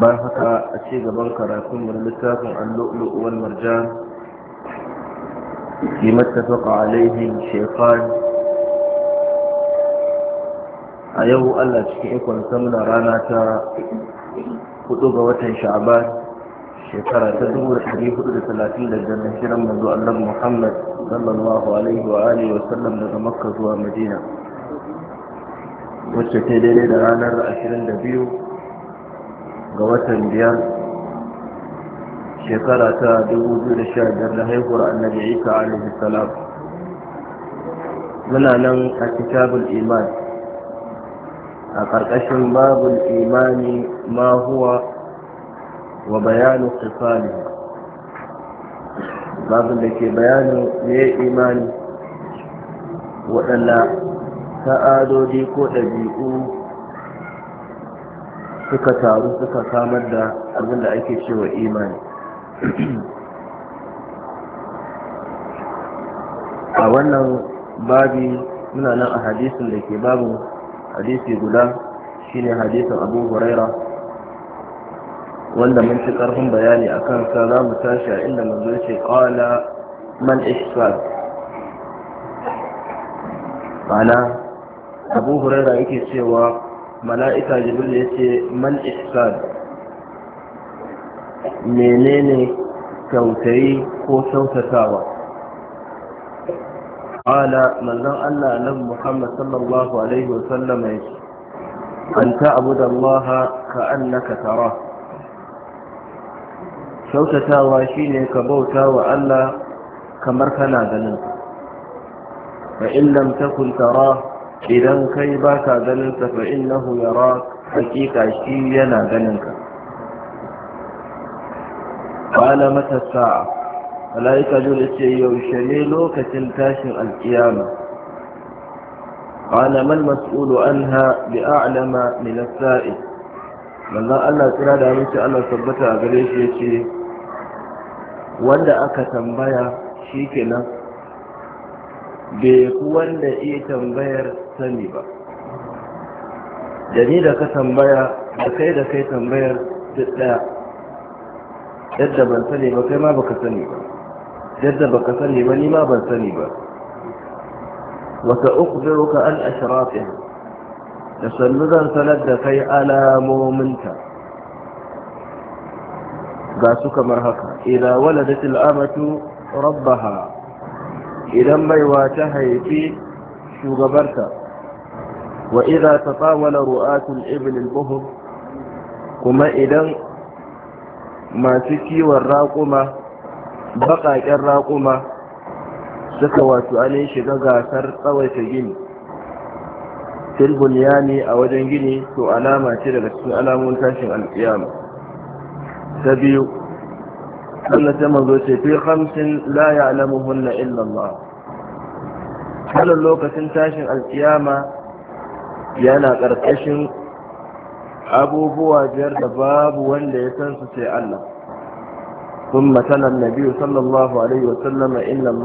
bayan haka a ci gaban karatun mu littafin al-lu'lu' wal marjan fi mattafaqa alaihi shaykhan a yau Allah cikin ikon samuna rana ta hudu ga watan sha'ban shekara ta dubu da dari hudu da talatin da jannan shirin manzo Allah Muhammad sallallahu alaihi wa alihi wa sallam daga Makka zuwa Madina wacce ta daidai da ranar 22 ga watan biyar shekara ta 2015 da haihuwar annabi isa alaihi salam muna nan a kitabul iman a ƙarƙashin babul imani ma huwa wa bayanu sifali babul da ke bayanin ne imani waɗanda ta'adodi ko ɗabi'u suka taru suka samar da abin da ake cewa imani a wannan babi muna nan a hadisin da ke babin hadisi guda shine hadisin abu huraira wanda mun ci karfin bayani a kansa za mu tashi a inda mun zoce kawana man ishfal ma'ana abu huraira yake cewa mala'ika jibril ya ce mal ihsan menene kyautayi ko kyautatawa ƙala manzon Allah nan Muhammad sallallahu alaihi wa sallam ya ce an da Allah ka annaka tara kyautatawa shine ka bauta wa Allah kamar kana ganin fa in lam takun tara idan kai ba ka ganin sa fa innahu yara hakika shi yana ganin ka qala mata sa'a malaika dole ce yaushe ne lokacin tashin alkiyama qala mal mas'ulu anha bi a'lama min as-sa'il manzon Allah tsira da mace Allah tabbata a gare shi yace wanda aka tambaya shikenan bai ku wanda iya tambayar sani ba da ni da ka tambaya da kai da kai tambayar duk ɗaya yadda ban sani ba kai ma baka sani ba yadda baka sani ba ni ma ban sani ba wata uku ukhbiruka an ashrafiha da sannu zan sanar da kai alamominta ga su kamar haka idan waladatil amatu rabbaha idan baiwa ta haifi shugabarta وإذا تطاول رؤاة الإبل البهم كما إذا ما سكي والراقمة بقى الراقمة سكوات عليه شغغا سر قوي تجيني fil bunyani a wajen gini to alama ce daga cikin alamun tashin alƙiyama ta biyu ta manzo ce fi khamsin la ya'lamuhunna illa lokacin tashin alƙiyama yana ƙarƙashin abubuwa biyar da babu wanda ya san su sai Allah ثم تلا النبي صلى الله عليه وسلم إن الله